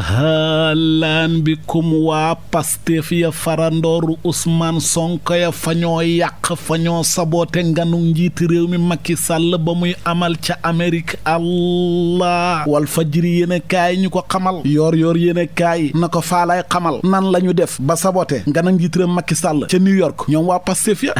halaan bi kum waa Pastef ya farandooru Ousmane Sonko ya fa ñoo yàq fa ñoo saboote nganu njiiti réew mi Macky Sall ba muy amal ca Amérique allah wal fajiri yéen a kaay ñu ko xamal yoor yoor yéne a kaay na ko faalay xamal nan la ñu def ba sabote nganu njiiti réew makki Sall ca New York ñoom waa Pastef ya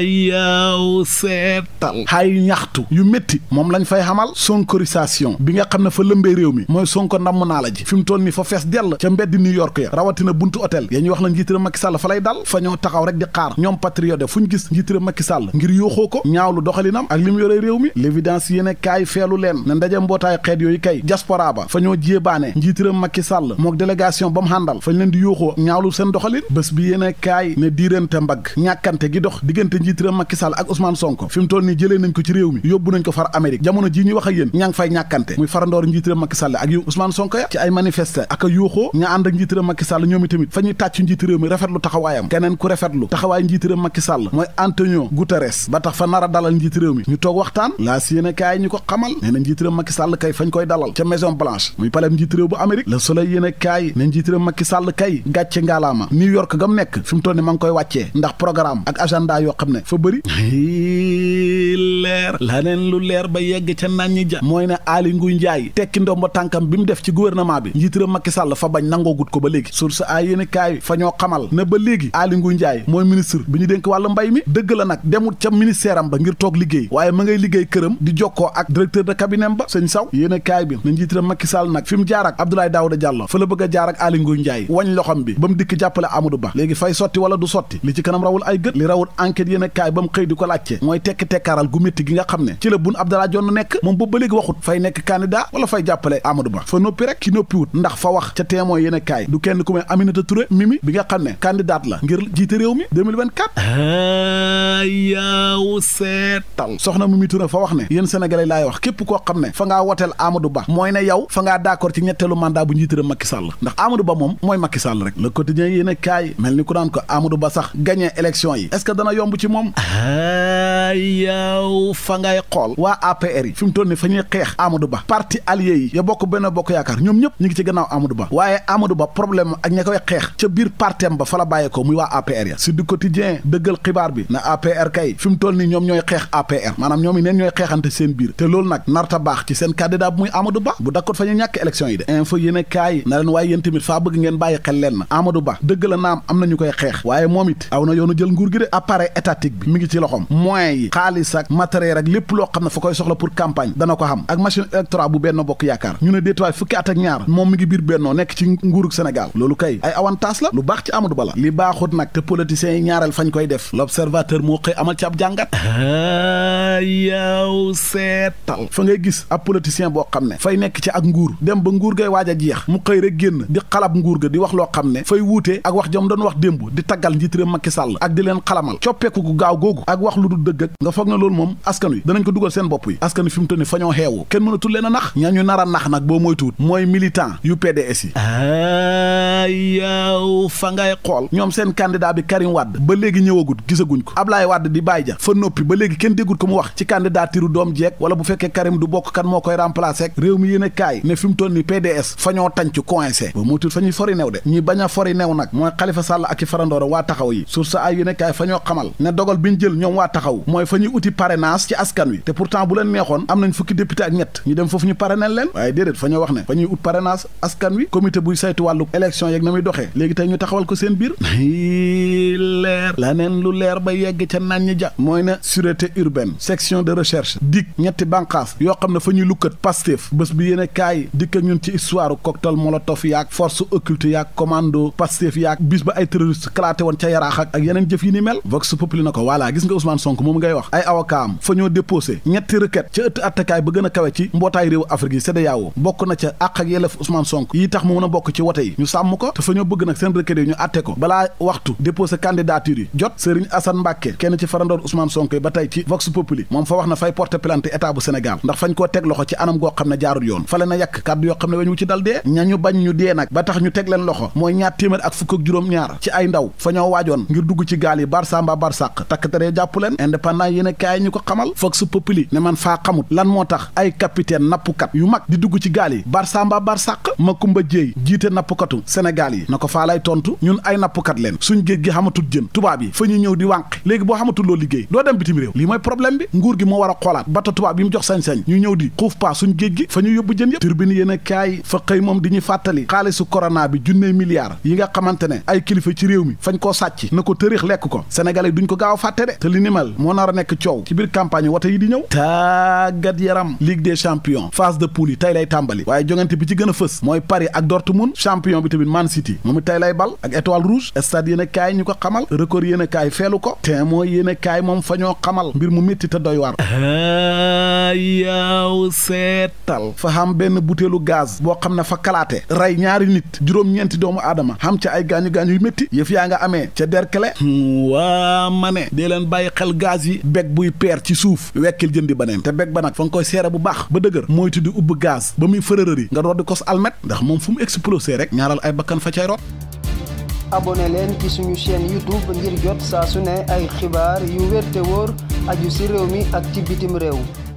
yaw seetal xaay ñaxtu yu métti moom lañ fay xamal sonkorisation bi nga xam ne fa lëmbee réew mi mooy Sonko ndamm naa la ji fi mu toll nii fa fees dell ca mbeddi New ya rawatina buntu hôtel ya wax la njiitëram Macky Sall fa lay dal fa ñoo taxaw rek di xaar ñoom patriote fu gis njiitëram Macky Sall ngir yooxoo ko ñaawlu doxalinam ak li yore réew mi l'évidence yéene kaay feelu leen ne ndaje mbootaay xeet yooyu kay diaspora ba fa ñoo jéebaane njiitëram Macky Sall mook délégation ba mu àndal fañ leen di yooxoo ñaawlu seen doxalin bés bi yéene kaay ne diirante Sonko ci ay manifeste ak a yuuxoo ña ànd ak njiitëram Macky Sall ñoom i tamit fa ñuy tàcc njiit réew mi rafetlu taxawaayam keneen ku rafetlu taxawaay njiit réew sàll mooy Antonio Guterres ba tax fa nara dalal njiit réew mi ñu toog waxtaan laa si yéene kaay ñu ko xamal nee na njiit réew Macky Sall kay fañ koy dalal ca Maison Blanche muy palais njiit réew bu Amérique Le Soleil yéene kaay ne njiit réew Macky Sall kay gàcce ngaalaama New York gam nekk fi mu toll ni ma ngi koy ndax programme ak agenda yoo xam ne fa bëri leer lu leer ba yegg ca naan ñi ja mooy ne Aly Ngouille Ndiaye tànkam bi mu def ci ci gouvernement bi njiitëram Macky fa bañ nangoogut ko ba léegi source ay yéen kaay fa ñoo xamal ne ba léegi Aly Ngouille Ndiaye mooy ministre bi ñu dénk wàllu mbay mi dëgg la nag demut ca ministère ba ngir toog liggéey waaye ma ngay liggéey këram di jokkoo ak directeur de cabinet ba sëñ saw yéen bi ne njiitëram Macky Sall nag fi mu jaar ak Abdoulaye Daouda Diallo fa la bëgg a jaar ak Aly Ngouille Ndiaye wañ loxam bi ba mu dikk jàppale Amadou Ba léegi fay sotti wala du sotti li ci kanam rawul ay gët li rawul enquête kaay ba mu xëy di ko laajte mooy tekk tekkaaral gu métti gi nga xam ne ci la bun Abdallah Jonn nekk moom boobu ba léegi waxut fay nekk candidat wala jàppale Amadou Ba bi rek ki noppiwut ndax fa wax ca témoin yéen kaay du kenn ku may Aminata Touré Mimi bi nga xam ne candidat la ngir jiite réew mi 2024 yaaw seetal soxna Mimi Touré fa wax ne yéen sénégalais laay wax képp koo xam ne fa ngaa woteel Amadou Ba mooy ne yow fa ngaa d'accord ci ñetteelu mandat bu njiitëram Macky Sall ndax Amadou Ba moom mooy Macky Sall rek le quotidien yéen a kaay mel ni ku naan ko Amadou Ba sax gagné élection yi est-ce que dana yomb ci moom yow fa ngay xool waa APR yi fi mu toll ni fa ñuy xeex Amadou Ba parti allié yi bokk benn bokk yaakaar yaakaar ñoom ñëpp ñu ngi ci gannaaw Amadou Ba waaye Amadou Ba problème ak ña koy xeex ca biir partem ba fa la bàyyee ko muy waa APR ya Sud Quotidien dëggal xibaar bi na APR kay fi mu nii ñoom ñooy xeex APR maanaam ñoom yi neen ñooy xeexante seen biir te loolu nag narta baax ci seen candidat bu muy Amadou Ba bu dakkoot fa ñu ñàkk élection yi de info yéene kaay na leen waaye yéen tamit faa bëgg ngeen bàyyi xel leen na Amadou Ba dëgg la naam am nañu koy ngi ci loxom moyens yi xaalis ak matériel ak loo xam ne fa koy soxla pour campagne dana ko xam ak machine électorale bu benn bokk at ak ñaar moom mi ngi biir bennoo nekk ci nguurug Sénégal loolu kay ay avantage la lu baax ci Amadou Ba la li baaxut nag te politiciens yi ñaareel fañ koy def l'observateur moo xëy amal ci ab jàngat ah, yaw seetal fa ngay gis ab politicien boo xam ne fay nekk ci ak nguur dem ba nguur gay waaj a jeex mu xëy rek génn di xalab nguur ga di wax loo xam ne fay wuute ak wax jom doon wax démb di taggal njiit réew Macky Sall ak di leen xalamal coppeeku gu gaaw googu ak wax lu du dëgg ak nga foog ne loolu moom askan wi danañ ko dugal seen bopp yi askan wi fi mu toll nii fa ñoo xeewu leen nax ñaa a nag boo moytuwut mooy militan yu PDS yi a yaaw fa ngay xool ñoom seen candidat bi Karim Wade ba léegi ñëwagut gisaguñ ko Ablaye Wade di bàyyi ja fa noppi ba léegi kenn déggut ko mu wax ci candidature doom jeeg wala bu fekkee Karim du bokk kan moo koy remplacer ak réew mi yéen a kaay ne fi mu toll ni PDS fa ñoo tànc coincé ba moo tuut fa ñuy fori new de ñi bañ fori new nag mooy Khalifa Sall ak i farandoora waa taxaw yi sur ay yéen kaay fa ñoo xamal ne dogal bi ñu jël ñoom waa taxaw mooy fa ñuy uti parrainage ci askan wi te pourtant bu leen am nañ fukki député ak ñu dem foofu ñu parrainel leen waaye déedéet wax ne dañuy ut parrainage askan wi comité buy saytu wàllu élection yeeg na muy doxe léegi tey ñu taxawal ko seen biir leer la neen lu leer ba yegg ca nañ ja mooy ne sûreté urbaine section de recherche dik ñetti bànqaas yoo xam ne fa ñuy lukkat Pastef bés bi yéen a kaay ñun ci histoire cocktail molotov yaag force occulte yaag commando Pastef yaag bis ba ay terroriste kalaate woon ca yaraax ak ak yeneen jëf yi ni mel vox populi na ko voilà gis nga Ousmane Sonko moom ngay wax ay avocat am fa ñoo déposé ñetti requête ba gën a kawe ci mbootaay réew Afrique yi CEDEAO ak ak yelleef Ousmane Sonko yi tax mu mën a bokk ci wote yi ñu sàmm ko te fa ñoo bëgg nag seen requête yi ñu àtte ko balaa waxtu déposé candidature yi jot Serigne Assane Mbacke kenn ci farandoor Ousmane sonk yi ba tey ci Vox Populi moom fa wax na fay porter plainte état bu Sénégal ndax fañ koo teg loxo ci anam goo xam ne jaarul yoon fale na yàkk kàddu yoo xam ne weñ wu ci dal dee ña ñu bañ ñu dee nag ba tax ñu teg leen loxo mooy ñaar téeméer ak fukk ak ci ay fa ñoo waajoon ngir dugg ci gaal yi barsa mba barsàq takktaree jàpp leen indépendant yéen a kaay ñu ko xamal Vox Populi ne man faa xamut lan moo tax ay capitaine nappkat yu mag di dugg ci gaal yi Marsamba ma Makumba Jéey jiite nappkatu Sénégal yi na ko faa lay tontu ñun ay nappkat leen suñ géej gi xamatul jën tubaab yi fa ñu ñëw di wànq léegi boo xamatul liggéey doo dem bitim réew lii mooy problème bi nguur gi moo war a xoolaat bato tubaab yi mu jox sañ-sañ ñu ñëw di xuuf paa suñ géej gi fa ñu yóbbu jën yëpp turbine yéen fa xëy moom di ñu fàttali xaalisu corona bi junnee milliards yi nga xamante ne ay kilifa ci réew mi fañ koo sàcc na ko tërix lekk ko sénégalais duñ ko gaaw fàtte li ni mel moo nar a nekk coow ci biir campagne wote yi di ñëw tàggat yaram ligue des champions phase de poule tey lay tàmbali waaye jongante bi ci gën a fës mooy Paris ak Dortmund champion bi tamit Man City moom it tey lay bal ak étoile rouge stade yéen a ñu ko xamal record yéen a kaay feelu ko te mooy yéen a kaay moom fa ñoo xamal mbir mu métti te doy waar ah, yaaw seetal fa xam benn butéelu gaz boo xam ne fa kalaate rey ñaari nit juróom-ñeenti doomu aadama xam ca ay gaañu-gaañu yu métti yëf yaa nga amee ca derkele hmm, waa ma ne dee leen bàyyi xel gaz yi beg buy peer ci suuf wekkil di baneen te beg ba nag fa nga bu baax ba dëgër mooy tuddi ubb ba muy fërërëri nga doon di kos almet ndax moom fu mu explosé rek ñaaral ay bakkan fa cay rot abonné leen ci suñu chaîne youtube ngir jot saa su ne ay xibaar yu wér te wóor aju si réew mi ak ci bitim réew